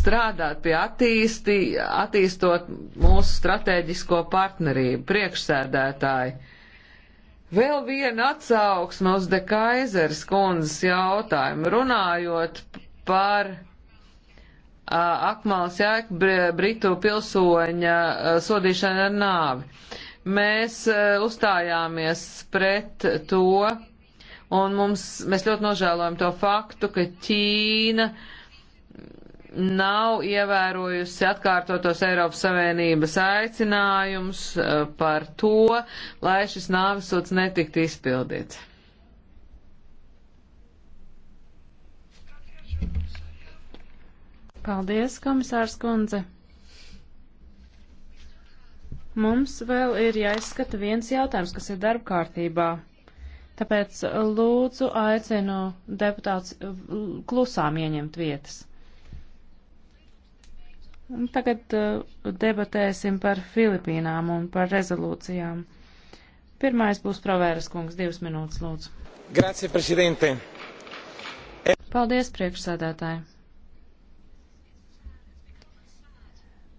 strādāt pie attīsti, attīstot mūsu strateģisko partnerību, priekšsēdētāji. Vēl viena atsauksme uz De Kaisers kundzes jautājumu, runājot par Akmāls Jēk Britu pilsoņa sodīšana ar nāvi. Mēs uzstājāmies pret to, un mums, mēs ļoti nožēlojam to faktu, ka Ķīna uh, nav ievērojusi atkārtotos Eiropas Savienības aicinājums eh, par to, lai šis nāvisots netiktu izpildīts. Paldies, komisārs kundze. Mums vēl ir jāizskata viens jautājums, kas ir darba kārtībā. Tāpēc lūdzu aicinu deputāts eh, klusām ieņemt vietas. Tagad uh, debatēsim par Filipīnām un par rezolūcijām. Pirmais būs Provēras kungs, divas minūtes lūdzu. Grazie, prezidente. E Paldies, priekšsēdētāji.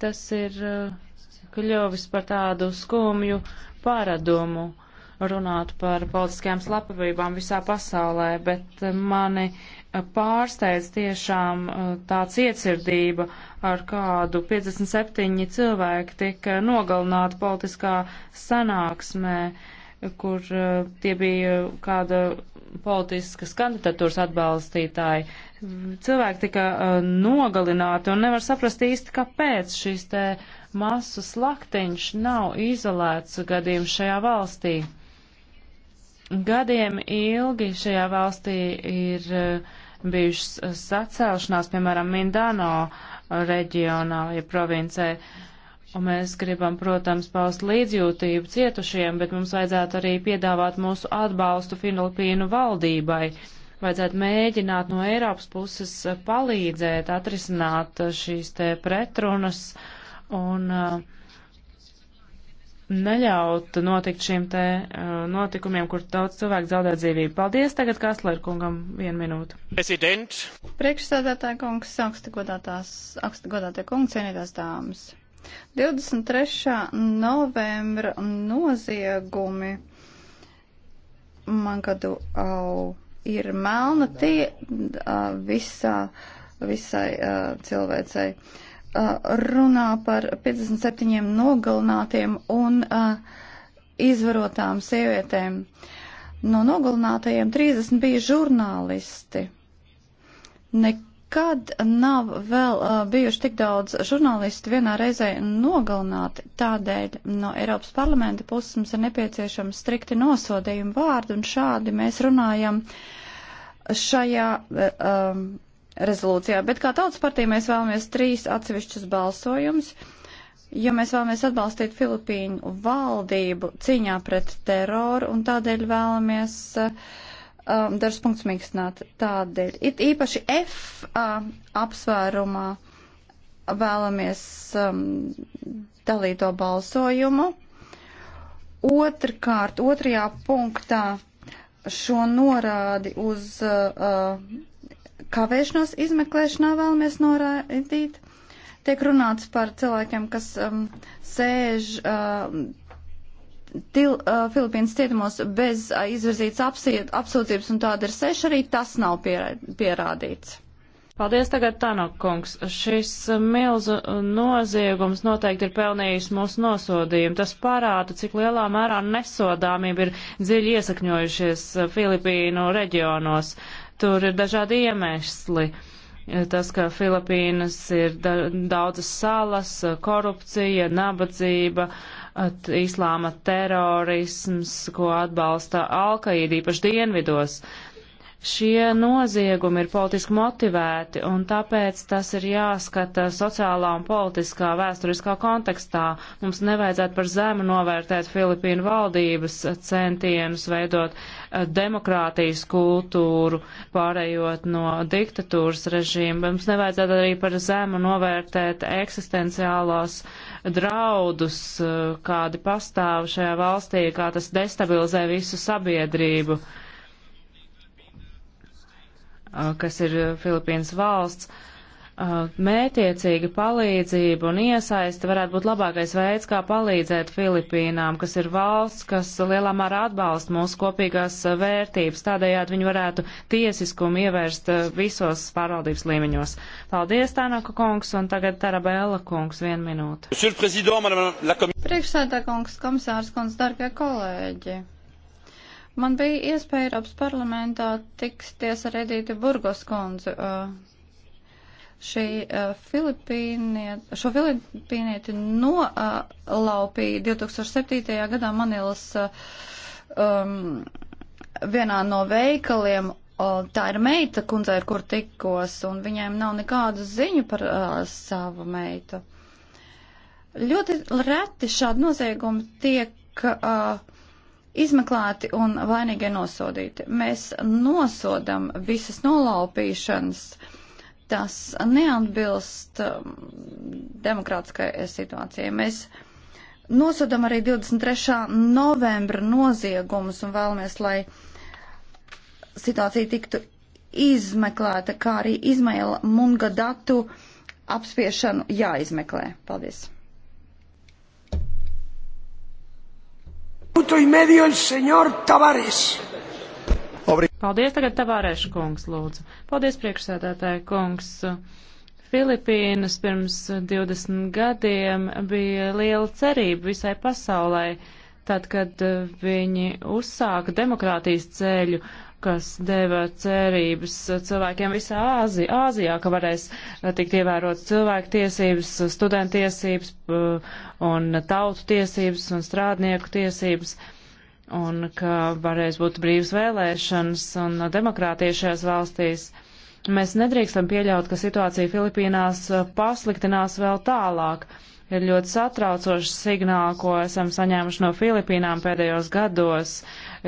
Tas ir uh, kļuvis par tādu skumju paradumu runāt par politiskajām slepavībām visā pasaulē, bet uh, mani uh, pārsteidz tiešām uh, tāds iecirdība, ar kādu 57 cilvēki tika nogalināti politiskā sanāksmē, kur uh, tie bija kāda politiskas kandidatūras atbalstītāji. Cilvēki tika uh, nogalināti un nevar saprast īsti, kāpēc šīs te masu slaktiņš nav izolēts gadījums šajā valstī. Gadiem ilgi šajā valstī ir eh, bijušas eh, sacēlšanās, piemēram, Mindano eh, reģionā vai provincē. Un mēs gribam, protams, paust līdzjūtību cietušiem, bet mums vajadzētu arī piedāvāt mūsu atbalstu Filipīnu valdībai. Vajadzētu mēģināt no Eiropas puses palīdzēt atrisināt šīs te pretrunas un uh, neļaut notikt šiem te uh, notikumiem, kur daudz cilvēku zaudē dzīvību. Paldies tagad Kastler kungam vienu minūtu. President. Priekšsēdētāja kungs, augstgodātie kungi, cienītās dāmas. 23. novembra noziegumi man gadu au ir melna tie uh, visā, visai uh, cilvēcei. Uh, runā par 57 nogalinātiem un izvarotām sievietēm. No nogalinātajiem 30 bija žurnālisti. Nekad nav vēl bijuši tik daudz žurnālistu vienā reizē nogalināti. Tādēļ no Eiropas parlamenta puses mums ir nepieciešams strikti nosodījumi vārdi, un šādi mēs runājam šajā. Um, rezolūcijā, bet kā tautas partija mēs vēlamies trīs atsevišķus balsojumus. Jo mēs vēlamies atbalstīt Filipīnu valdību cīņā pret teroru un tādēļ vēlamies uh, um, dažs punkts mīkstināt tādēļ. It īpaši F uh, apsvērumā vēlamies um, dalīto balsojumu. Otrkārt, otrajā punktā šo norādi uz uh, kavēšanos izmeklēšanā vēlamies norādīt. Tiek runāts par cilvēkiem, kas um, sēž uh, til, uh, Filipīnas cietumos bez uh, izvirzītas apsūdzības, un tāda ir seši arī tas nav pierā, pierādīts. Paldies tagad, Tanokungs. Šis milzu noziegums noteikti ir pelnījis mūsu nosodījumu. Tas parāda, cik lielā mērā nesodāmība ir dziļi iesakņojušies uh, Filipīnu reģionos. Uh, Tur ir dažādi iemesli. Tas, ka Filipīnas ir da daudzas salas, korupcija, nabadzība, islāma terorisms, ko atbalsta Alkaīda īpaši dienvidos. Uh, Šie noziegumi ir politiski motivēti, un tāpēc tas ir jāskata sociālā un politiskā vēsturiskā kontekstā. Mums nevajadzētu par zemu novērtēt Filipīnu valdības centienus veidot eh, demokrātijas kultūru, pārējot no diktatūras režīma. Mums nevajadzētu arī par zemu novērtēt eksistenciālos draudus, eh, kādi pastāv šajā valstī, kā tas destabilizē visu sabiedrību Uh, kas ir Filipīnas valsts, uh, mētiecīga palīdzība un iesaista varētu būt labākais veids, kā palīdzēt Filipīnām, kas ir valsts, kas lielā mērā atbalsta mūsu kopīgās uh, vērtības. Tādējādi viņi varētu tiesiskumu ievērst visos pārvaldības līmeņos. Paldies, Tānaka kungs, un tagad Tarabēla kungs, vienu minūtu. Priekšsēdā kungs, komisārs kungs, darbie kolēģi. Man bija iespēja Eiropas parlamentā tiksties ar Edīti Burgos kundzi. Uh, šī uh, filipīnieti, šo filipīnieti nolaupīja 2007. gadā Manilas uh, um, vienā no veikaliem. Tā ir meita kundzei, ar kur tikos, un viņiem nav nekādu ziņu par uh, savu meitu. Ļoti reti šādi noziegumi tiek uh, izmeklēti un vainīgie nosodīti. Mēs nosodam visas nolaupīšanas. Tas neatbilst um, demokrātiskai situācijai. Mēs nosodam arī 23. novembra noziegumus un vēlamies, lai situācija tiktu izmeklēta, kā arī Izmaila Munga datu apspiešanu jāizmeklē. Paldies! Paldies, tagad Tavārēša kungs, lūdzu. Paldies, priekšsēdētāja kungs. Filipīnas pirms 20 gadiem bija liela cerība visai pasaulē, tad, kad eh, viņi uzsāka demokrātijas ceļu kas deva cerības cilvēkiem visā Āzi, Āzijā, ka varēs eh, tikt ievērotas cilvēku tiesības, studentu tiesības eh, un tautu tiesības un strādnieku tiesības un ka varēs būt brīvas vēlēšanas un demokrātija šajās valstīs. Mēs nedrīkstam pieļaut, ka situācija Filipīnās eh, pasliktinās vēl tālāk. Uh, ir ļoti satraucošs signāls, ko esam saņēmuši no Filipīnām pēdējos gados.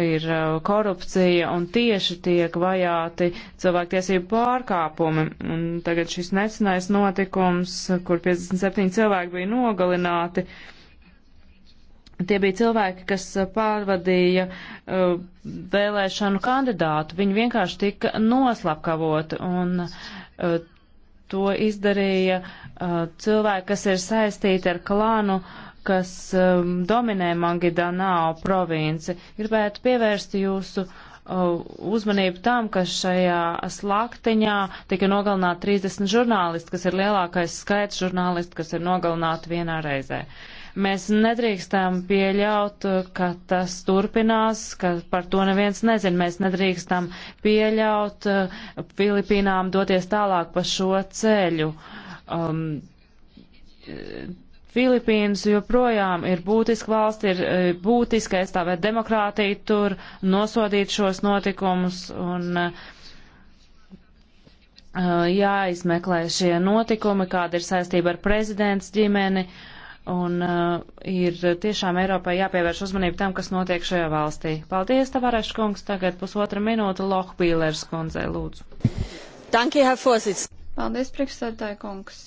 Ir uh, korupcija un tieši tiek vajāti cilvēktiesību pārkāpumi. Un tagad šis nesenais notikums, kur 57 cilvēki bija nogalināti. Tie bija cilvēki, kas uh, pārvadīja uh, vēlēšanu kandidātu. Viņi vienkārši tika noslapkavoti un uh, To izdarīja uh, cilvēki, kas ir saistīti ar klānu, kas um, dominē Mangidanao provinci. Gribētu pievērst jūsu uh, uzmanību tam, ka šajā slaktiņā tika nogalināti 30 žurnālisti, kas ir lielākais skaits žurnālisti, kas ir nogalināti vienā reizē. Uh, Mēs nedrīkstam pieļaut, ka tas turpinās, ka par to neviens nezin. Mēs nedrīkstam pieļaut uh, Filipīnām doties tālāk pa šo ceļu. Um, Filipīnas joprojām ir būtiska valsts, ir uh, būtiska aizstāvēt demokrātiju tur, nosodīt šos notikumus un uh, jāizmeklē šie notikumi, kāda ir saistība ar prezidents ģimeni Un uh, ir tiešām Eiropai jāpievērš uzmanību tam, kas notiek šajā valstī. Paldies, Tavarešs kungs. Tagad pusotra minūte Lohbīlers kundzei lūdzu. Danke, Herr Vorsitz. Paldies, priekšsēdētāji kungs.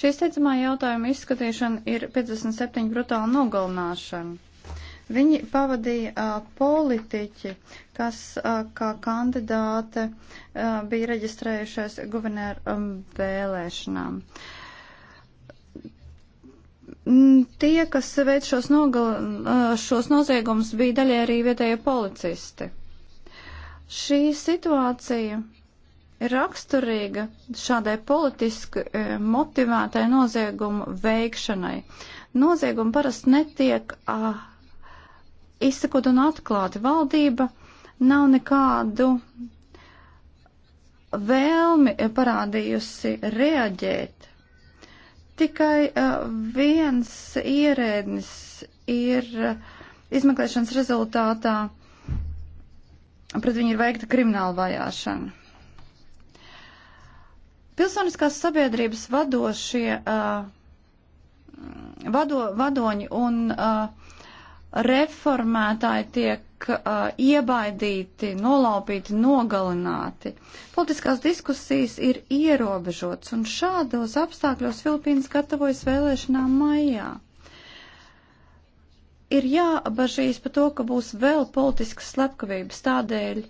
Šī steidzamā jautājuma izskatīšana ir 57 brutāla nogalināšana. Viņi pavadīja uh, politiķi, kas uh, kā kandidāte uh, bija reģistrējušies guverneru um, vēlēšanām. Uh, Mm, tie, kas veic šos, nogal, šos noziegumus, bija daļai arī vietējie policisti. Šī situācija ir raksturīga šādai politiski motivētai noziegumu veikšanai. Noziegumi parasti netiek uh, izsakot un atklāti. Valdība nav nekādu vēlmi parādījusi reaģēt Tikai uh, viens ierēdnis ir uh, izmeklēšanas rezultātā, pret viņu ir veikta krimināla vajāšana. Pilsoniskās sabiedrības vadošie, uh, vado, vadoņi un uh, reformētāji tiek uh, iebaidīti, nolaupīti, nogalināti. Politiskās diskusijas ir ierobežotas, un šādos apstākļos Filipīnas gatavojas vēlēšanām maijā. Ir jābažīs par to, ka būs vēl politiskas slepkavības tādēļ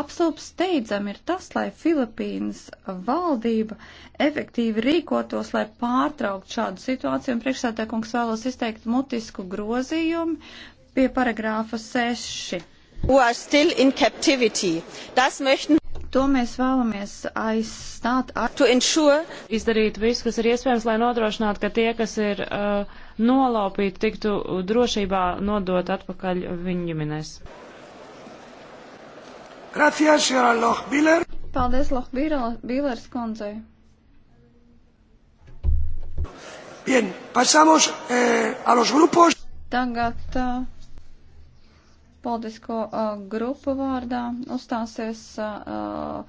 Absolūti steidzami ir tas, lai Filipīnas valdība efektīvi rīkotos, lai pārtraukt šādu situāciju, un priekšsētā kungs vēlos izteikt mutisku grozījumu pie paragrāfa 6. Möchten... To mēs vēlamies aizstāt ar to ensure. Izdarīt visu, kas ir iespējams, lai nodrošinātu, ka tie, kas ir uh, nolaupīti, tiktu drošībā nodot atpakaļ viņu ģimenes. Gracias, señora Lochbiller. Paldies, Lochbillers kundzei. Bien, pasamos eh, a los grupos. Tagad uh, politisko uh, grupu vārdā uzstāsies uh,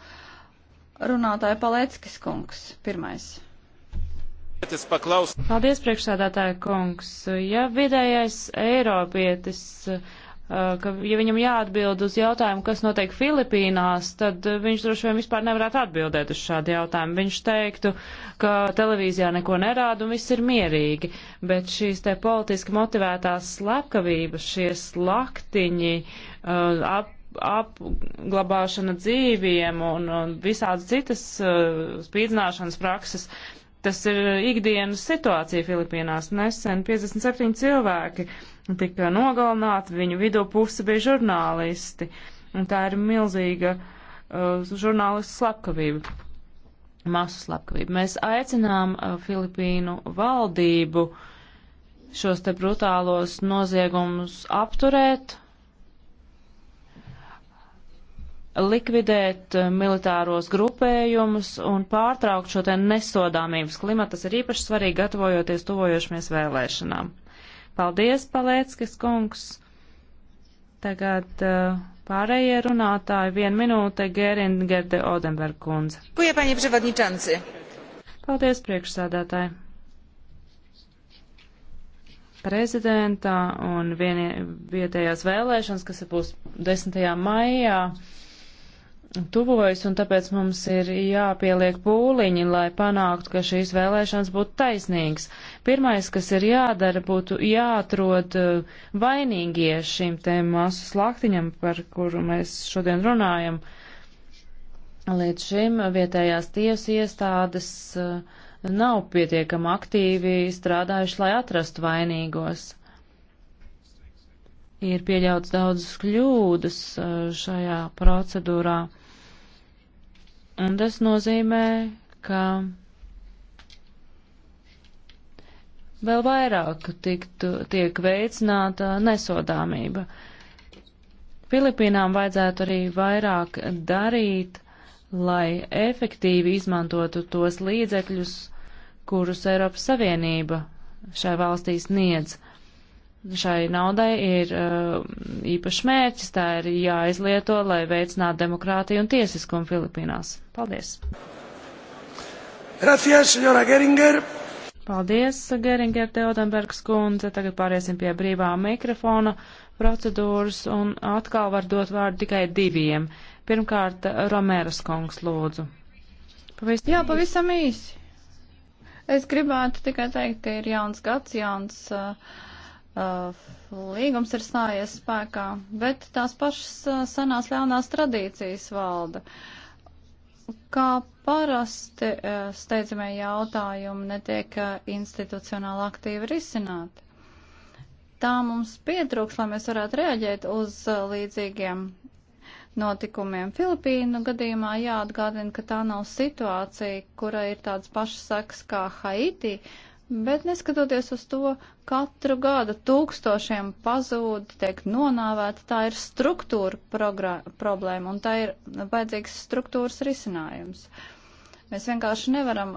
runātāja Palēckis kungs pirmais. Paldies, priekšsēdētāja kungs. Ja vidējais Eiropietis uh, Eh, ka, ja viņam jāatbild uz jautājumu, kas notiek Filipīnās, tad eh, viņš droši vien vispār nevarētu atbildēt uz šādu jautājumu. Viņš teiktu, ka televīzijā neko nerāda un viss ir mierīgi, bet šīs te politiski motivētās slepkavības, šie slaktiņi, uh, ap, apglabāšana dzīviem un, un visādas citas uh, spīdzināšanas prakses. Tas ir ikdienas situācija Filipīnās. Nesen 57 cilvēki uh, tika nogalināti, viņu vidū puse bija žurnālisti, un tā ir milzīga uh, žurnālistu slepkavība, masu slepkavība. Mēs aicinām uh, Filipīnu valdību šos te brutālos noziegumus apturēt, likvidēt uh, militāros grupējumus un pārtraukt šo te nesodāmības klimatu. Tas ir īpaši svarīgi gatavojoties tuvojošamies vēlēšanām. Paldies, Palēckis kungs. Tagad uh, pārējie runātāji vienu minūte Geringerde Odenberg kundze. Kuja, paņi prievodničanci. Paldies, priekšsādātāji. Prezidentā un vienie, vietējās vēlēšanas, kas būs 10. maijā tuvojas, un tāpēc mums ir jāpieliek pūliņi, lai panāktu, ka šīs vēlēšanas būtu taisnīgas. Pirmais, kas ir jādara, būtu jāatrod eh, vainīgie šim te masu slaktiņam, par kuru mēs šodien runājam. Līdz šim vietējās tiesu iestādes eh, nav pietiekami aktīvi strādājuši, lai atrastu vainīgos ir pieļauts daudzas kļūdas eh, šajā procedūrā. Un tas nozīmē, ka vēl vairāk tiktu, tiek veicināta nesodāmība. Filipīnām vajadzētu arī vairāk darīt, lai efektīvi izmantotu tos līdzekļus, kurus Eiropas Savienība šai valstī sniedz. Šai naudai ir uh, īpašs mērķis, tā ir jāizlieto, lai veicinātu demokrātiju un tiesiskumu Filipīnās. Paldies! Gracias, senora Geringer! Paldies, Geringer Teodenbergs kundze. Tagad pāriesim pie brīvā mikrofona procedūras un atkal var dot vārdu tikai diviem. Pirmkārt, Romēras kungs lūdzu. Pavisam Jā, pavisam īsi. Es gribētu tikai teikt, ka ir jauns gads, jauns. Uh, Uh, līgums ir stājies spēkā, bet tās pašas uh, senās ļaunās tradīcijas valda. Kā parasti uh, steidzamie jautājumi netiek institucionāli aktīvi risināti. Tā mums pietrūks, lai mēs varētu reaģēt uz līdzīgiem notikumiem. Filipīnu gadījumā jāatgādina, ka tā nav situācija, kura ir tāds pašs saks kā Haiti, uh, Bet neskatoties uz to, katru gadu tūkstošiem pazūd, tiek nonāvēta, tā ir struktūra problēma un tā ir vajadzīgs struktūras risinājums. Mēs vienkārši nevaram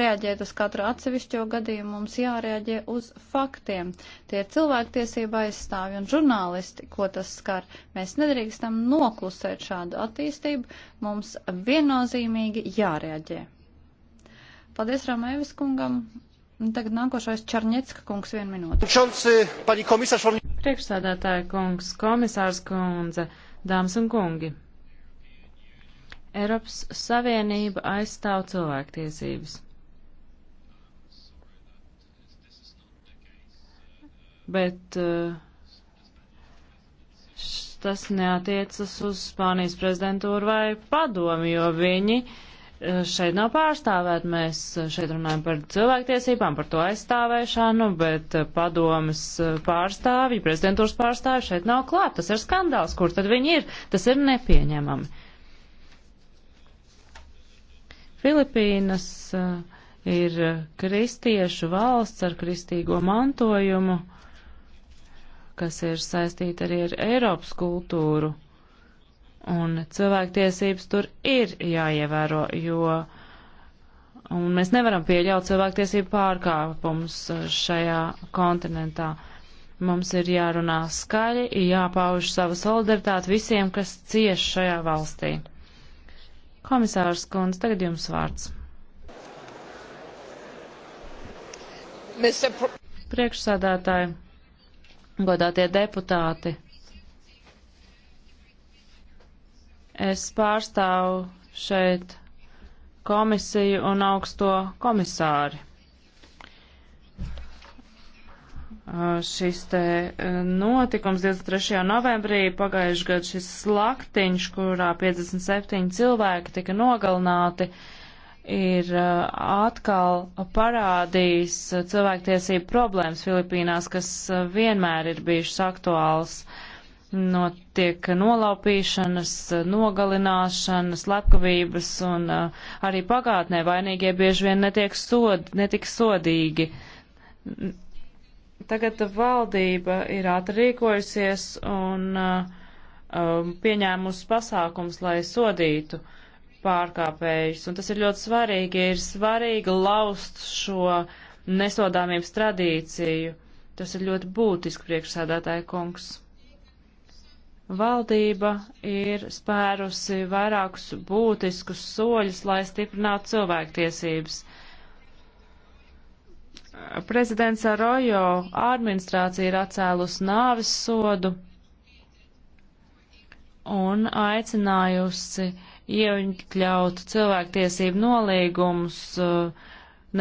reaģēt uz katru atsevišķo gadījumu, mums jārēģē uz faktiem. Tie ir cilvēktiesība aizstāvi un žurnālisti, ko tas skar. Mēs nedrīkstam noklusēt šādu attīstību, mums viennozīmīgi jārēģē. Paldies Ramēvis kungam. Un tagad nākošais Čarņecka kungs vienu minūti. Priekšsādātāja kungs, komisārs kundze, dāmas un kungi. Eiropas Savienība aizstāv cilvēktiesības. Bet eh, tas neatiecas uz Spānijas prezidentūru vai padomi, jo viņi uh, šeit nav pārstāvēt. Mēs šeit runājam par cilvēktiesībām, par to aizstāvēšanu, bet padomas pārstāvji, prezidentūras pārstāvji šeit nav klāt. Tas ir skandāls, kur tad viņi ir. Tas ir nepieņemami. Filipīnas eh, ir kristiešu valsts ar kristīgo mantojumu, kas ir saistīta arī ar Eiropas kultūru. Un cilvēktiesības tur ir jāievēro, jo un mēs nevaram pieļaut cilvēktiesību pārkāpumus uh, šajā kontinentā. Mums ir jārunā skaļi, jāpauž sava solidaritāte visiem, kas cieš šajā valstī. Komisārs Kundze, tagad jums vārds. Priekšsādātāji, godātie deputāti, Es pārstāvu šeit komisiju un augsto komisāri. Šis te notikums 23. novembrī pagājuši gadu šis slaktiņš, kurā 57 cilvēki tika nogalināti, ir atkal parādījis cilvēktiesību problēmas Filipīnās, kas vienmēr ir bijušas aktuāls. Uh, notiek nolaupīšanas, nogalināšanas, slepkavības un uh, arī pagātnē vainīgie bieži vien netiek sod, netika sodīgi. Tagad valdība ir atrīkojusies un uh, um, pieņēmusi pasākums, lai sodītu pārkāpējus. Un tas ir ļoti svarīgi. Ir svarīgi laust šo nesodāmības tradīciju. Tas ir ļoti būtiski priekšsēdētāja kungs. Valdība ir spērusi vairākus būtiskus soļus, lai stiprinātu cilvēktiesības. Prezidents Arojo administrācija ir atcēlus nāvis sodu un aicinājusi iekļaut cilvēktiesību nolīgumus uh,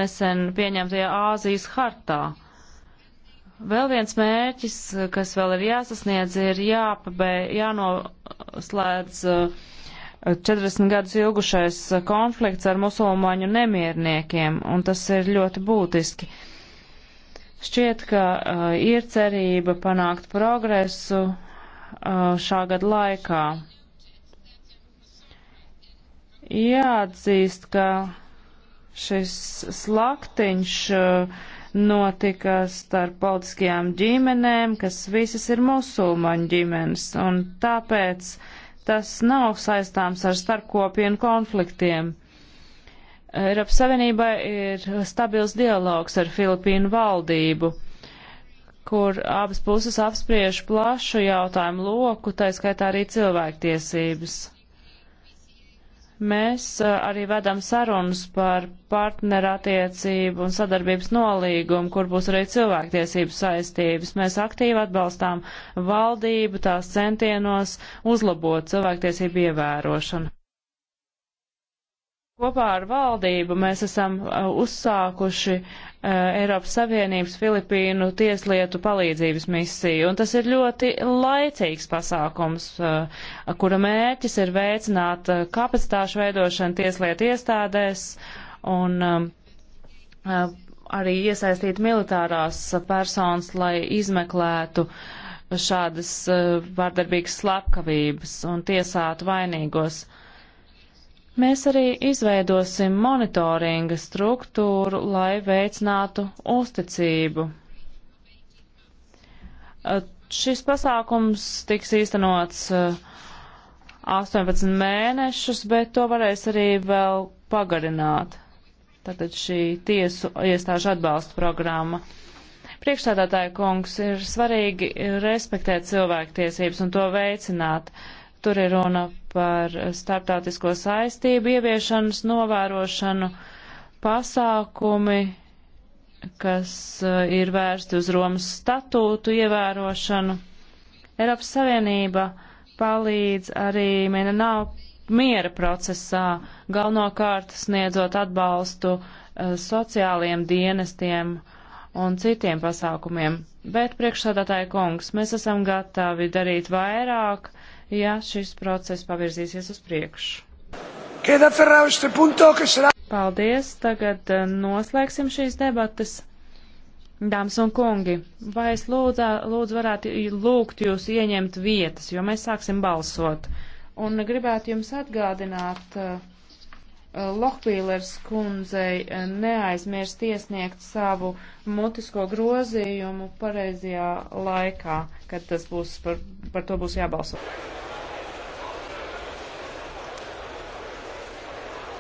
nesen pieņemtajā Āzijas hartā. Vēl viens mērķis, kas vēl ir jāsasniedz, ir jāpabē, jānoslēdz 40 uh, gadus ilgušais konflikts ar musulmaņu nemierniekiem, un tas ir ļoti būtiski. Šķiet, ka uh, ir cerība panākt progresu uh, šā gada laikā. Jāatzīst, ka šis slaktiņš uh, notika starp politiskajām ģimenēm, kas visas ir musulmaņu ģimenes, un tāpēc tas nav saistāms ar starpkopienu konfliktiem. Eiropas Savienībā ir stabils dialogs ar Filipīnu valdību kur abas puses apspriež plašu jautājumu loku, tā skaitā arī cilvēktiesības. Mēs eh, arī vedam sarunas par partnerattiecību un sadarbības nolīgumu, kur būs arī cilvēktiesības saistības. Mēs aktīvi atbalstām valdību tās centienos uzlabot cilvēktiesību ievērošanu. Kopā ar valdību mēs esam uh, uzsākuši uh, Eiropas Savienības Filipīnu tieslietu palīdzības misiju, un tas ir ļoti laicīgs pasākums, uh, kura mērķis ir veicināt uh, kapacitāšu veidošanu tieslietu iestādēs un um, uh, arī iesaistīt militārās personas, lai izmeklētu šādas uh, vārdarbīgas slepkavības un tiesātu vainīgos. Uh, Mēs arī izveidosim monitoringa struktūru, lai veicinātu uzticību. Šis pasākums tiks īstenots 18 mēnešus, bet to varēs arī vēl pagarināt. Tātad šī tiesu iestāžu atbalsta programma. Priekšstādātāja kungs ir svarīgi respektēt cilvēktiesības un to veicināt. Uh, Tur ir runa par starptautisko saistību ieviešanas novērošanu, pasākumi, kas eh, ir vērsti uz Romas statūtu ievērošanu. Eiropas Savienība palīdz arī Mindanao miera procesā, galvenokārt sniedzot atbalstu eh, sociāliem dienestiem un citiem pasākumiem. Bet, priekšsādātāja kungs, mēs esam gatavi darīt vairāk, ja šis process pavirzīsies uz priekšu. Paldies, tagad eh, noslēgsim šīs debatas. Dāmas un kungi, vai es lūdzu, lūdzu varētu lūgt jūs ieņemt vietas, jo mēs sāksim balsot. Un gribētu jums atgādināt, eh, Lohpīlers kundzei eh, neaizmirst iesniegt savu mutisko grozījumu pareizajā laikā, kad tas būs par, par to būs jābalso.